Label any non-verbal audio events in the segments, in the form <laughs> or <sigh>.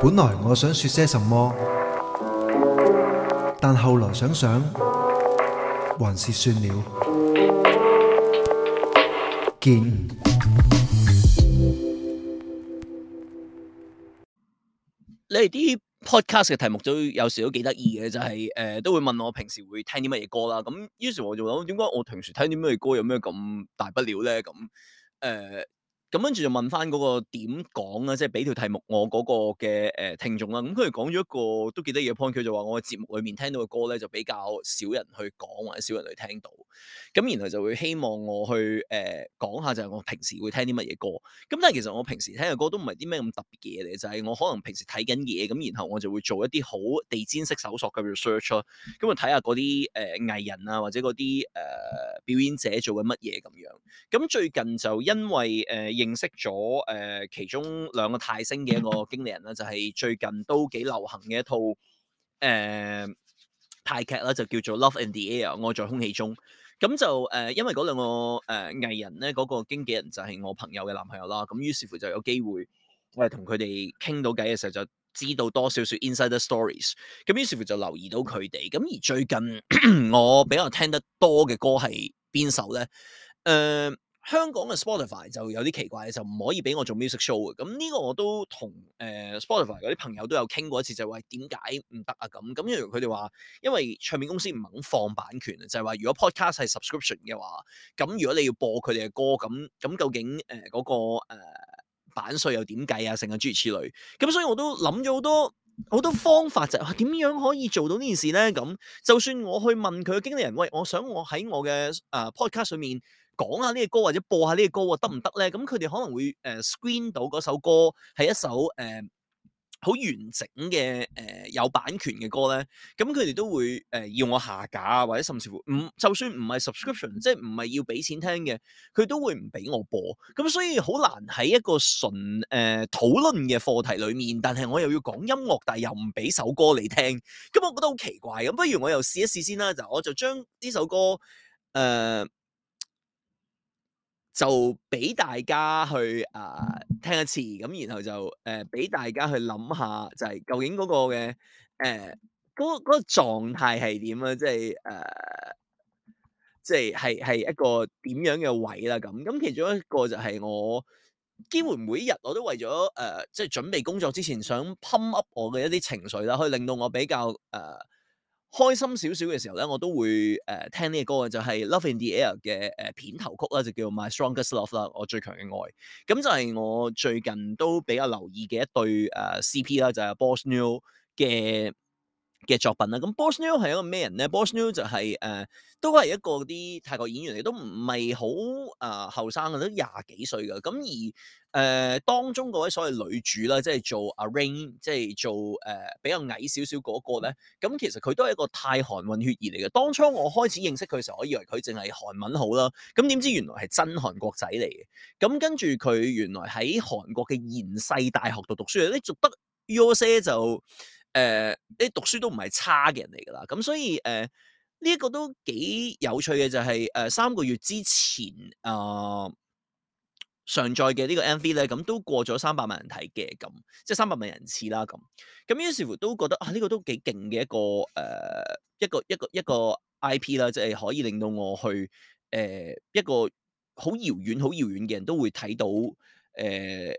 本來我想說些什麼，但後來想想，還是算了。見你哋啲 podcast 嘅題目都有時都幾得意嘅，就係、是、誒、呃、都會問我平時會聽啲乜嘢歌啦。咁於是我就諗，點解我平時聽啲乜嘢歌有咩咁大不了咧？咁誒。呃咁跟住就問翻嗰、那個點講啊，即係俾條題目我嗰個嘅誒、呃、聽眾啦。咁佢哋講咗一個都幾得意嘅 point，佢就話我嘅節目裏面聽到嘅歌咧，就比較少人去講或者少人去聽到。咁、嗯、然後就會希望我去誒講、呃、下，就係我平時會聽啲乜嘢歌。咁但係其實我平時聽嘅歌都唔係啲咩咁特別嘅嘢嚟，就係、是、我可能平時睇緊嘢咁，然後我就會做一啲好地氈式搜索嘅 research 咯、嗯。咁就睇下嗰啲誒藝人啊，或者嗰啲誒表演者做緊乜嘢咁樣。咁、嗯、最近就因為誒。呃呃呃呃呃呃呃呃認識咗誒、呃、其中兩個泰星嘅一個經理人啦，就係、是、最近都幾流行嘅一套誒、呃、泰劇啦，就叫做《Love in the Air》愛在空氣中。咁、嗯、就誒、呃，因為嗰兩個誒、呃、藝人咧，嗰、那個經紀人就係我朋友嘅男朋友啦。咁、嗯、於是乎就有機會，我係同佢哋傾到偈嘅時候，就知道多少少 insider stories、嗯。咁於是乎就留意到佢哋。咁、嗯、而最近咳咳我比較聽得多嘅歌係邊首咧？誒、呃。香港嘅 Spotify 就有啲奇怪，就唔可以俾我做 music show 嘅。咁呢個我都同誒、呃、Spotify 嗰啲朋友都有傾過一次，就係點解唔得啊？咁咁，因為佢哋話，因為唱片公司唔肯放版權啊，就係、是、話如果 podcast 係 subscription 嘅話，咁如果你要播佢哋嘅歌，咁咁究竟誒嗰、呃那個、呃、版稅又點計啊？成啊諸如此類。咁所以我都諗咗好多好多方法、就是，就、啊、點樣可以做到呢件事咧？咁就算我去問佢嘅經理人，喂，我想我喺我嘅誒、呃、podcast 上面。講下呢個歌或者播下行行呢個歌得唔得咧？咁佢哋可能會誒 screen 到嗰首歌係一首誒好、呃、完整嘅誒、呃、有版權嘅歌咧，咁佢哋都會誒、呃、要我下架啊，或者甚至乎唔、嗯、就算唔係 subscription，即係唔係要俾錢聽嘅，佢都會唔俾我播。咁、嗯、所以好難喺一個純誒討論嘅課題裏面，但係我又要講音樂，但係又唔俾首歌嚟聽，咁、嗯、我覺得好奇怪嘅。咁不如我又試一試先啦，就我就將呢首歌誒。呃就俾大家去啊、呃、聽一次，咁然後就誒俾、呃、大家去諗下，就係究竟嗰個嘅誒嗰嗰個狀態係點啊？即係誒、呃，即係係係一個點樣嘅位啦。咁咁、嗯、其中一個就係我幾乎每一日我都為咗誒，即、呃、係、就是、準備工作之前想 pump up 我嘅一啲情緒啦，去令到我比較誒。呃開心少少嘅時候咧，我都會誒、呃、聽呢個歌嘅，就係、是、Love in the Air 嘅誒、呃、片頭曲啦，就叫做 My Strongest Love 啦，我最強嘅愛。咁就係我最近都比較留意嘅一對誒、呃、CP 啦，就係 BossNoeul 嘅。嘅作品啦，咁 Bossnul 係一個咩人咧？Bossnul 就係、是、誒、呃，都係一個啲泰國演員嚟，都唔係好誒後生嘅，都廿幾歲嘅。咁而誒、呃、當中嗰位所謂女主啦，即係做 A r i n g，即係做誒、呃、比較矮少少嗰個咧。咁其實佢都係一個太韓混血兒嚟嘅。當初我開始認識佢嘅時候，我以為佢淨係韓文好啦。咁點知原來係真韓國仔嚟嘅。咁跟住佢原來喺韓國嘅延世大學度讀書，你仲得有些就。誒，啲、呃、讀書都唔係差嘅人嚟噶啦，咁、嗯、所以誒呢一個都幾有趣嘅就係、是、誒、呃、三個月之前啊、呃、上載嘅呢個 MV 咧，咁、嗯、都過咗三百萬人睇嘅，咁、嗯、即係三百萬人次啦，咁、嗯、咁於是乎都覺得啊呢、這個都幾勁嘅一個誒、呃、一個一個一個，一個 IP 啦，即、就、係、是、可以令到我去誒、呃、一個好遙遠好遙遠嘅人都會睇到誒。呃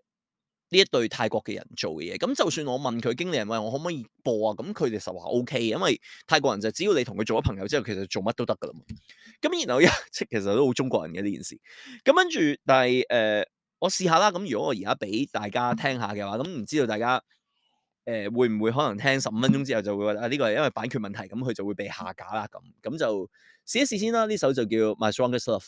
呢一對泰國嘅人做嘅嘢，咁就算我問佢經理人話我可唔可以播啊，咁佢哋實話 OK，因為泰國人就只要你同佢做咗朋友之後，其實做乜都得㗎啦嘛。咁然後即其實都好中國人嘅呢件事。咁跟住，但係誒、呃，我試下啦。咁如果我而家俾大家聽下嘅話，咁唔知道大家誒、呃、會唔會可能聽十五分鐘之後就會覺得啊呢、呢個係因為版權問題，咁佢就會被下架啦。咁咁就試一試先啦。呢首就叫 My Strongest Love。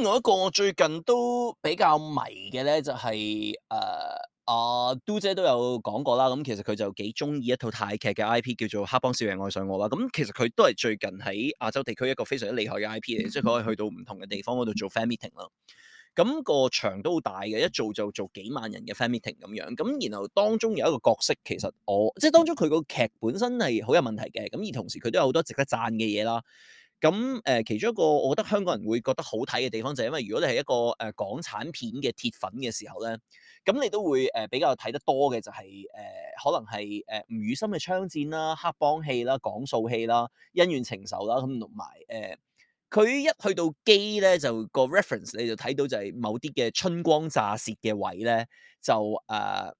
另外一個我最近都比較迷嘅咧，就係誒阿嘟姐都有講過啦。咁、嗯、其實佢就幾中意一套泰劇嘅 IP 叫做《黑幫少爺愛上我》啦。咁、嗯、其實佢都係最近喺亞洲地區一個非常之厲害嘅 IP 嚟，即係佢可以去到唔同嘅地方嗰度做 fan meeting 啦。咁、嗯、個場都好大嘅，一做就做幾萬人嘅 fan meeting 咁樣。咁、嗯、然後當中有一個角色，其實我即係當中佢個劇本身係好有問題嘅。咁而同時佢都有好多值得讚嘅嘢啦。咁誒、呃，其中一個我覺得香港人會覺得好睇嘅地方就係因為如果你係一個誒、呃、港產片嘅鐵粉嘅時候咧，咁你都會誒、呃、比較睇得多嘅就係、是、誒、呃、可能係誒、呃、吳宇森嘅槍戰啦、黑幫戲啦、港數戲啦、恩怨情仇啦，咁同埋誒佢一去到機咧，就個 reference 你就睇到就係某啲嘅春光乍泄嘅位咧，就誒、呃、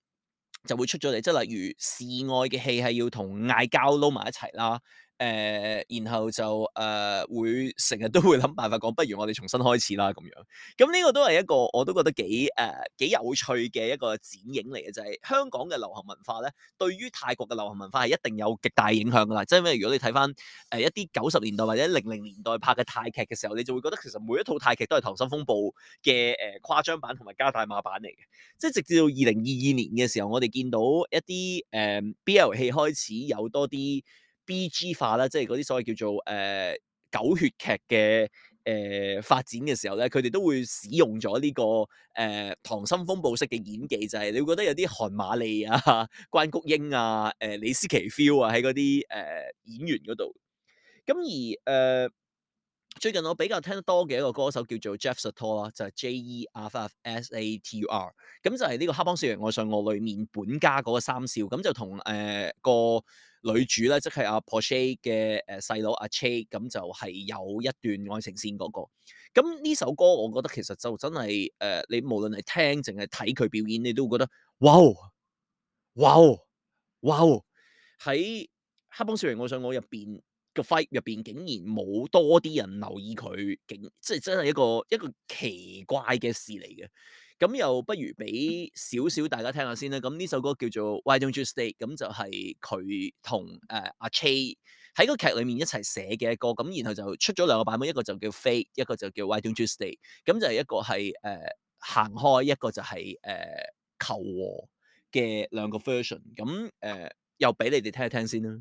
就會出咗嚟，即、就、係、是、例如示愛嘅戲係要同嗌交撈埋一齊啦。誒、呃，然後就誒、呃、會成日都會諗辦法講，不如我哋重新開始啦咁樣。咁、嗯、呢、這個都係一個，我都覺得幾誒幾有趣嘅一個剪影嚟嘅，就係、是、香港嘅流行文化咧，對於泰國嘅流行文化係一定有極大影響噶啦。即係咩？如果你睇翻誒一啲九十年代或者零零年代拍嘅泰劇嘅時候，你就會覺得其實每一套泰劇都係《溏心風暴》嘅、呃、誒誇張版同埋加大碼版嚟嘅。即係直至到二零二二年嘅時候，我哋見到一啲誒、呃、B L 戲開始有多啲。B.G. 化啦，即係嗰啲所謂叫做誒、呃、狗血劇嘅誒、呃、發展嘅時候咧，佢哋都會使用咗呢、這個誒溏、呃、心風暴式嘅演技，就係、是、你會覺得有啲韓馬利啊、關菊英啊、誒、呃、李司棋 feel 啊喺嗰啲誒演員嗰度。咁而誒、呃、最近我比較聽得多嘅一個歌手叫做 Jeff Satur 啦，e r f s a t、r, 就係 j e f f s a t o r，咁就係呢個《黑幫少爺愛上我》裏面本家嗰個三少，咁就同誒、呃、個。女主咧，即係阿 Porsche 嘅誒細佬阿 Chay，a 咁就係有一段愛情線嗰、那個。咁呢首歌，我覺得其實就真係誒、呃，你無論係聽定係睇佢表演，你都會覺得哇哇哇喺《黑幫少爺愛上我》，我想我入邊個 fight 入邊，竟然冇多啲人留意佢，竟即係真係一個一個奇怪嘅事嚟嘅。咁又不如俾少少大家聽下先啦。咁呢首歌叫做《Why Don't You Stay》，咁就係佢同誒阿 K 喺個劇裏面一齊寫嘅歌。咁然後就出咗兩個版本，一個就叫《Fade》，一個就叫《Why Don't You Stay》。咁就係一個係誒、呃、行開，一個就係、是、誒、呃、求和嘅兩個 version。咁、呃、誒又俾你哋聽一聽先啦。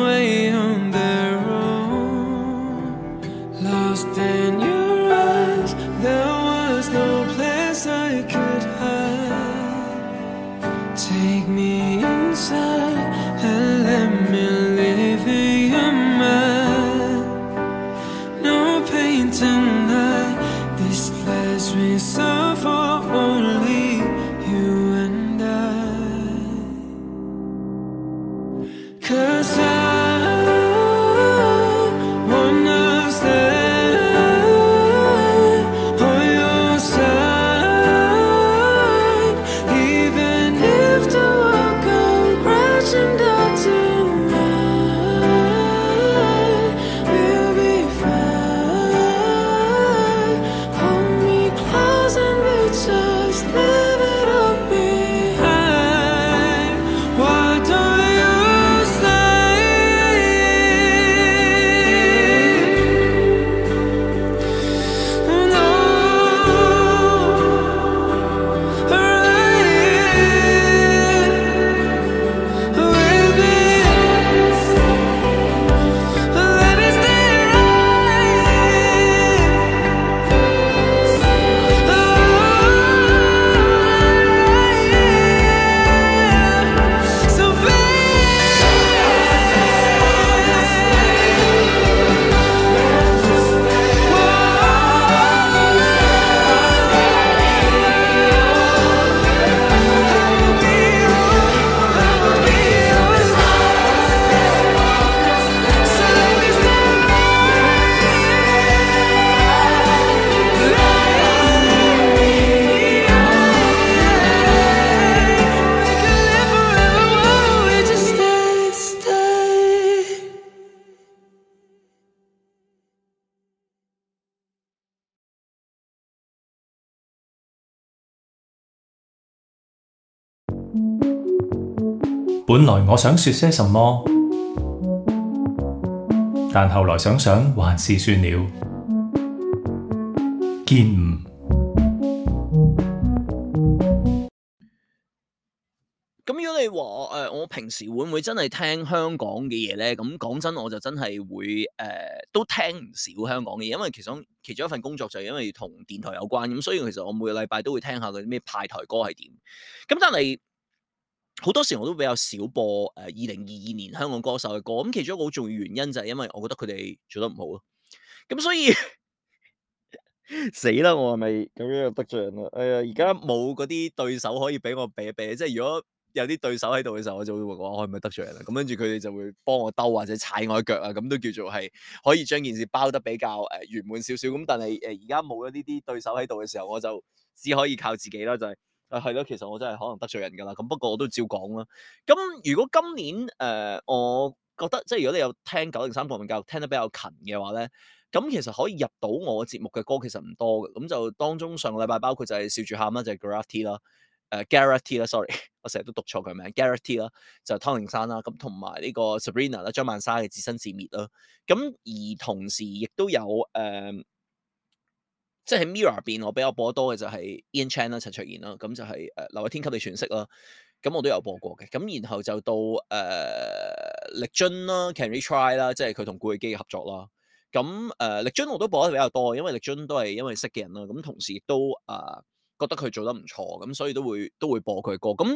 本來我想說些什麼，但後來想想還是算了。見唔？咁如果你話誒，我平時會唔會真係聽香港嘅嘢咧？咁講真，我就真係會誒，都聽唔少香港嘅嘢，因為其實其中一份工作就係因為同電台有關，咁所以其實我每個禮拜都會聽下嗰啲咩派台歌係點。咁但係。好多時我都比較少播誒二零二二年香港歌手嘅歌，咁其中一個好重要原因就係因為我覺得佢哋做得唔好咯。咁所以 <laughs> <laughs> 死啦！我係咪咁樣就得罪人啦？哎呀，而家冇嗰啲對手可以俾我逼一逼，即係如果有啲對手喺度嘅時候，我就會話我係咪得罪人啦？咁跟住佢哋就會幫我兜或者踩我一腳啊，咁都叫做係可以將件事包得比較誒圓滿少少。咁但係誒而家冇咗呢啲對手喺度嘅時候，我就只可以靠自己啦，就係。啊，係咯，其實我真係可能得罪人㗎啦。咁不過我都照講啦。咁如果今年誒、呃，我覺得即係如果你有聽九零三國民教育聽得比較勤嘅話咧，咁其實可以入到我節目嘅歌其實唔多嘅。咁就當中上個禮拜包括就係笑住喊啦，就係、是、Gareth.T 啦，誒 Gareth.T 啦，sorry， <laughs> 我成日都讀錯佢名 Gareth.T 啦，就湯令山啦，咁同埋呢個 Sabrina 啦，張曼莎嘅自生自滅啦。咁而同時亦都有誒。呃即係 Mirror 邊，我比較播得多嘅就係 Ian Chan 啦、陳卓賢啦，咁就係誒劉偉天給你詮釋啦，咁我都有播過嘅。咁然後就到誒、呃、力尊啦、Can We Try 啦，即係佢同古巨基合作啦。咁誒、呃、力尊我都播得比較多，因為力尊都係因為識嘅人啦。咁同時亦都誒、呃、覺得佢做得唔錯，咁所以都會都會播佢歌。咁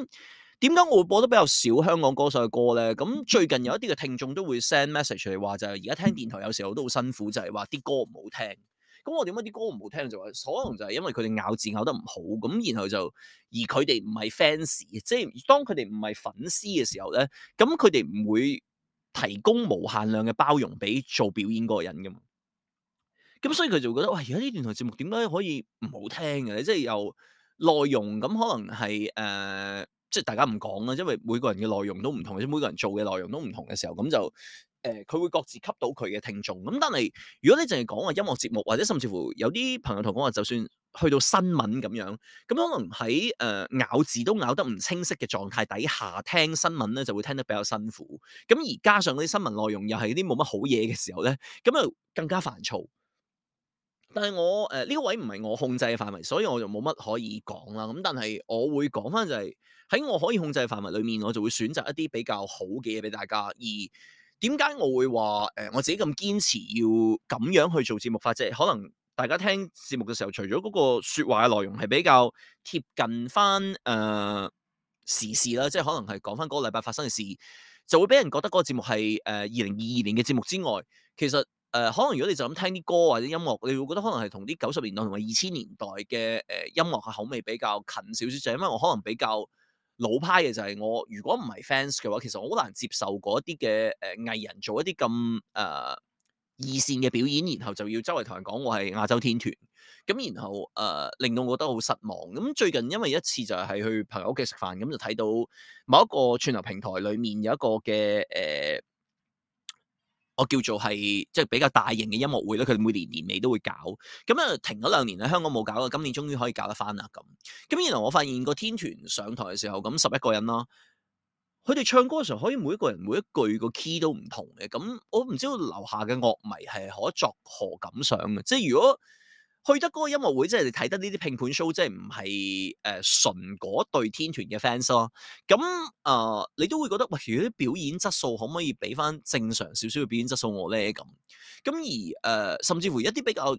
點解我會播得比較少香港歌手嘅歌咧？咁最近有一啲嘅聽眾都會 send message 嚟話，就係而家聽電台有時候都好辛苦，就係話啲歌唔好聽。咁我點解啲歌唔好聽就話，可能就係因為佢哋咬字咬得唔好，咁然後就而佢哋唔係 fans，即係當佢哋唔係粉絲嘅時候咧，咁佢哋唔會提供無限量嘅包容俾做表演嗰個人㗎嘛。咁所以佢就會覺得，喂，而家呢段台節目點解可以唔好聽嘅咧？即係由內容咁可能係誒、呃，即係大家唔講啦，因為每個人嘅內容都唔同，或者每個人做嘅內容都唔同嘅時候，咁就。誒佢會各自吸到佢嘅聽眾咁，但係如果你淨係講話音樂節目，或者甚至乎有啲朋友同我講話，就算去到新聞咁樣，咁可能喺誒、呃、咬字都咬得唔清晰嘅狀態底下聽新聞咧，就會聽得比較辛苦。咁而加上嗰啲新聞內容又係啲冇乜好嘢嘅時候咧，咁就更加煩躁。但係我誒呢、呃這個、位唔係我控制嘅範圍，所以我就冇乜可以講啦。咁但係我會講返就係、是、喺我可以控制嘅範圍裡面，我就會選擇一啲比較好嘅嘢俾大家而。點解我會話誒、呃、我自己咁堅持要咁樣去做節目法啫？即係可能大家聽節目嘅時候，除咗嗰個説話嘅內容係比較貼近翻誒、呃、時事啦，即係可能係講翻嗰個禮拜發生嘅事，就會俾人覺得嗰個節目係誒二零二二年嘅節目之外，其實誒、呃、可能如果你就咁聽啲歌或者音樂，你會覺得可能係同啲九十年代同埋二千年代嘅誒、呃、音樂嘅口味比較近少少，就因為我可能比較。老派嘅就係我，如果唔係 fans 嘅話，其實我好難接受嗰一啲嘅誒藝人做一啲咁誒二線嘅表演，然後就要周圍同人講我係亞洲天團，咁然後誒、呃、令到我覺得好失望。咁最近因為一次就係去朋友屋企食飯，咁就睇到某一個串流平台裡面有一個嘅誒。呃我叫做係即係比較大型嘅音樂會咧，佢每年年尾都會搞，咁啊停咗兩年咧，香港冇搞啦，今年終於可以搞得翻啦咁。咁然後我發現個天團上台嘅時候，咁十一個人啦，佢哋唱歌嘅時候可以每一個人每一句個 key 都唔同嘅，咁我唔知道樓下嘅樂迷係可作何感想嘅，即係如果。去得嗰個音樂會，即係你睇得呢啲拼盤 show，即係唔係誒純嗰對天團嘅 fans 咯？咁、嗯、誒、呃，你都會覺得喂，如果啲表演質素可唔可以俾翻正常少少嘅表演質素我咧？咁、嗯、咁而誒、呃，甚至乎一啲比較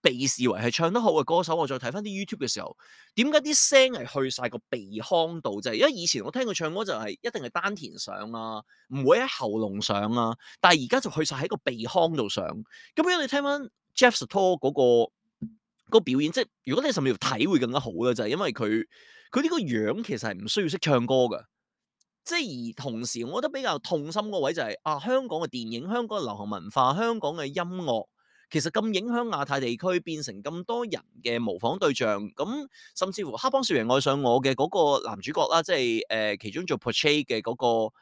被視為係唱得好嘅歌手，我再睇翻啲 YouTube 嘅時候，點解啲聲係去晒個鼻腔度？就係因為以前我聽佢唱歌就係、是、一定係丹田上啊，唔會喺喉嚨上啊，但係而家就去晒喺個鼻腔度上。咁、嗯、因為你聽翻 Jeff 的 talk 嗰個。個表演即係如果你係上面睇會更加好啦，就係因為佢佢呢個樣其實係唔需要識唱歌嘅，即係而同時，我覺得比較痛心嗰位就係啊香港嘅電影、香港嘅流行文化、香港嘅音樂，其實咁影響亞太地區變成咁多人嘅模仿對象，咁甚至乎《黑幫少爺愛上我》嘅嗰個男主角啦，即係誒其中做 Portray 嘅嗰個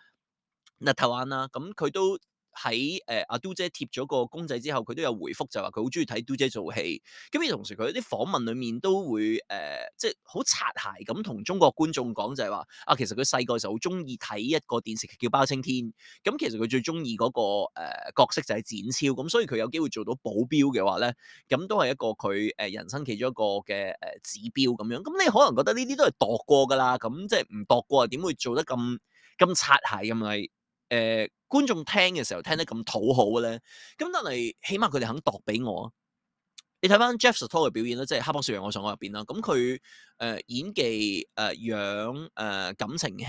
Natalie 啦，咁佢都。喺誒阿嘟姐貼咗個公仔之後，佢都有回覆就話佢好中意睇嘟姐做戲。咁而同時佢啲訪問裡面都會誒、呃，即係好擦鞋咁同中國觀眾講就係話啊，其實佢細個時候好中意睇一個電視劇叫《包青天》，嗯。咁其實佢最中意嗰個、呃、角色就係展昭。咁、嗯、所以佢有機會做到保鏢嘅話咧，咁、嗯、都係一個佢誒人生其中一個嘅誒指標咁樣。咁、嗯嗯、你可能覺得呢啲都係度過噶啦，咁、嗯、即係唔度過點會做得咁咁擦鞋咁咪。誒、呃、觀眾聽嘅時候聽得咁討好嘅咧，咁得嚟，起碼佢哋肯度俾我。你睇翻 Jeff Scott 嘅表演啦，即係《黑幫少爺》我上我入邊啦。咁佢誒演技、誒、呃、樣、誒、呃、感情戲、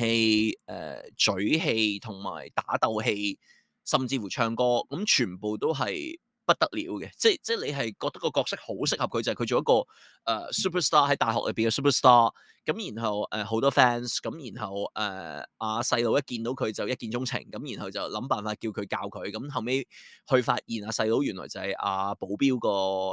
誒、呃、嘴戲同埋打鬥戲，甚至乎唱歌，咁、嗯、全部都係。不得了嘅，即係即係你係覺得個角色好適合佢就係、是、佢做一個誒、呃、super star 喺大學入邊嘅 super star，咁然後誒好、呃、多 fans，咁然後誒阿細佬一見到佢就一見鐘情，咁然後就諗辦法叫佢教佢，咁後尾去發現阿細佬原來就係阿保鏢個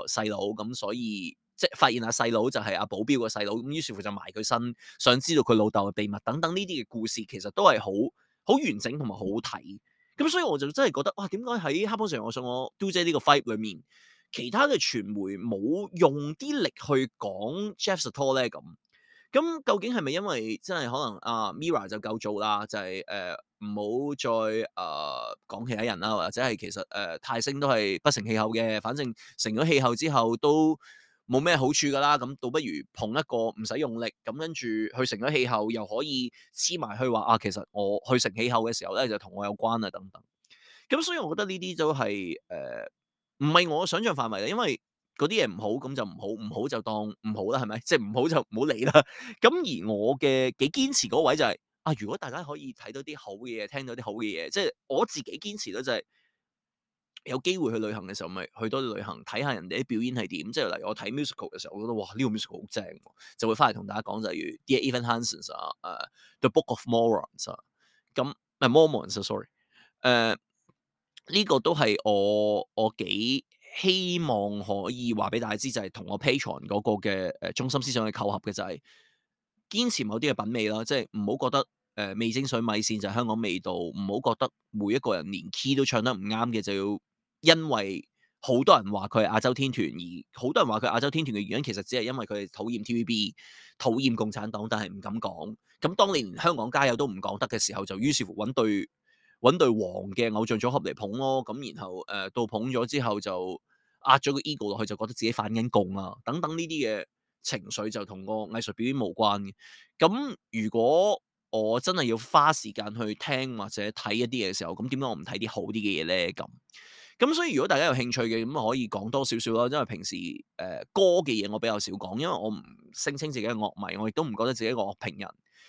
細佬，咁所以即係發現阿細佬就係阿保鏢個細佬，咁於是乎就埋佢身，想知道佢老豆嘅秘密等等呢啲嘅故事，其實都係好好完整同埋好睇。咁所以我就真係覺得，哇，點解喺《哈普士》我想我 Dio 姐呢個 five 裏面，其他嘅傳媒冇用啲力去講 Jeff Satur 咁？咁究竟係咪因為真係可能啊 Mira 就夠做啦？就係誒唔好再誒、呃、講其他人啦，或者係其實誒、呃、泰星都係不成氣候嘅，反正成咗氣候之後都，冇咩好處噶啦，咁倒不如碰一個唔使用，用力，咁跟住去成咗氣候，又可以黐埋去話啊，其實我去成氣候嘅時候咧，就同我有關啊等等。咁所以我覺得呢啲都係誒，唔係我想象範圍啦，因為嗰啲嘢唔好，咁就唔好，唔好就當唔好啦，係咪？即係唔好就唔好理啦。咁而我嘅幾堅持嗰位就係啊，如果大家可以睇到啲好嘅嘢，聽到啲好嘅嘢，即係我自己堅持咧，就係。有機會去旅行嘅時候，咪去多啲旅行，睇下人哋啲表演係點。即係例如我睇 musical 嘅時候，我覺得哇呢，這個 musical 好正，啊，就會翻嚟同大家講，就是。例如 <music> Dear Evan Hansen 啊、uh,，誒 The Book of Morons、uh, <music> <music> 啊，咁唔係 Morons sorry，誒呢個都係我我幾希望可以話俾大家知就係，是，同我 Patreon 嗰個嘅誒中心思想去扣合嘅就係，是，堅持某啲嘅品味啦，即係唔好覺得誒味，呃、精水米線就係香港味道，唔好覺得每一個人連 key 都唱得唔啱嘅就要。因為好多人話佢係亞洲天團，而好多人話佢亞洲天團嘅原因其實只係因為佢哋討厭 TVB、討厭共產黨，但係唔敢講。咁當年連香港加油都唔講得嘅時候，就於是乎揾對揾黃嘅偶像組合嚟捧咯。咁然後誒到、呃、捧咗之後就壓咗個 ego 落去，就覺得自己反緊共啊等等呢啲嘅情緒就同個藝術表演無關嘅。咁如果我真係要花時間去聽或者睇一啲嘅時候，咁點解我唔睇啲好啲嘅嘢咧？咁咁所以如果大家有興趣嘅咁可以講多少少咯，因為平時誒、呃、歌嘅嘢我比較少講，因為我唔聲稱自己係樂迷，我亦都唔覺得自己係個樂評人。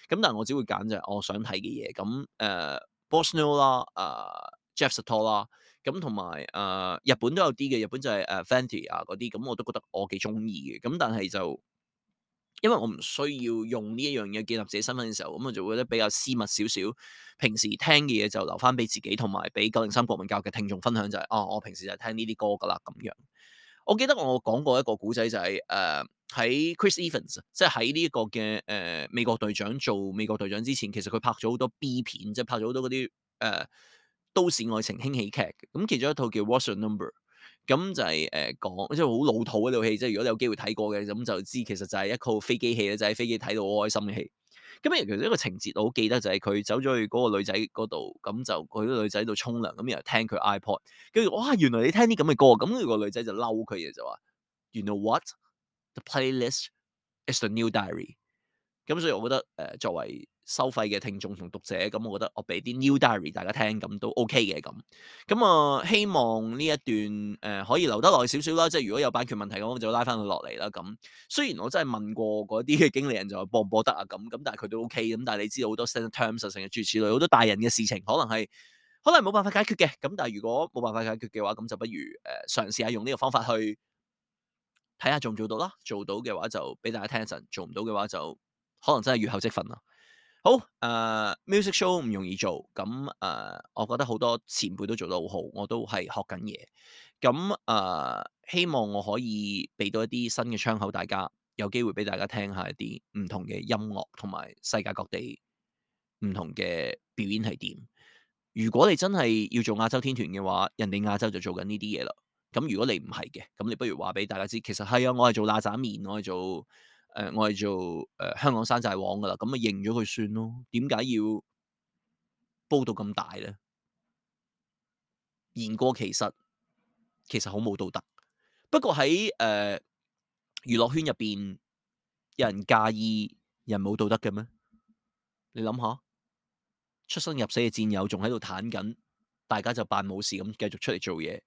咁但係我只會揀就係我想睇嘅嘢。咁誒，Bosnul 啦，誒、呃呃、Jeff Soto 啦，咁同埋誒日本都有啲嘅，日本就係誒 Fenty 啊嗰啲，咁我都覺得我幾中意嘅。咁但係就～因為我唔需要用呢一樣嘢建立自己身份嘅時候，咁我就會覺得比較私密少少。平時聽嘅嘢就留翻俾自己同埋俾九零三國民教育嘅聽眾分享就係、是，哦、啊，我平時就係聽呢啲歌噶啦咁樣。我記得我講過一個古仔就係、是，誒、呃、喺 Chris Evans，即係喺呢個嘅誒、呃、美國隊長做美國隊長之前，其實佢拍咗好多 B 片，即係拍咗好多嗰啲誒都市愛情輕喜劇。咁其中一套叫《What's Your Number》。咁就係、是、誒、呃、講即係好老土嗰套戲，即係如果你有機會睇過嘅，咁就知其實就係一套飛機戲咧，就喺、是、飛機睇到好開心嘅戲。咁、嗯、其實一個情節我好記得就係佢走咗去嗰個女仔嗰度，咁就去咗女仔度沖涼，咁、嗯、然後聽佢 iPod，跟住哇原來你聽啲咁嘅歌，咁、嗯、這個女仔就嬲佢嘅就話，You know what？The playlist is the new diary。咁、嗯、所以我覺得誒、呃、作為。收費嘅聽眾同讀者，咁我覺得我俾啲 new diary 大家聽，咁都 OK 嘅咁。咁啊、呃，希望呢一段誒、呃、可以留得耐少少啦，即係如果有版權問題咁，我就拉翻佢落嚟啦。咁雖然我真係問過嗰啲嘅經理人就能能，就播唔播得啊咁咁，但係佢都 OK 咁。但係你知道好多 sentiment 諸如此類好多大人嘅事情，可能係可能冇辦法解決嘅。咁但係如果冇辦法解決嘅話，咁就不如誒、呃、嘗試下用呢個方法去睇下做唔做到啦。做到嘅話就俾大家聽一陣，做唔到嘅話就可能真係月後積分啦。好，誒、uh，music show 唔容易做，咁誒，uh，我覺得好多前輩都做得好好，我都係學緊嘢，咁誒，uh，希望我可以俾到一啲新嘅窗口，大家有機會俾大家聽下一啲唔同嘅音樂同埋世界各地唔同嘅表演係點。如果你真係要做亞洲天團嘅話，人哋亞洲就做緊呢啲嘢啦。咁如果你唔係嘅，咁你不如話俾大家知，其實係啊，我係做拉仔麵，我係做。誒、呃，我係做誒、呃、香港山寨王噶啦，咁咪認咗佢算咯。點解要煲到咁大咧？言過其實，其實好冇道德。不過喺誒娛樂圈入邊，有人介意人冇道德嘅咩？你諗下，出生入死嘅戰友仲喺度坦緊，大家就扮冇事咁繼續出嚟做嘢。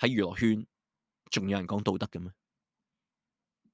喺娛樂圈，仲有人講道德嘅咩？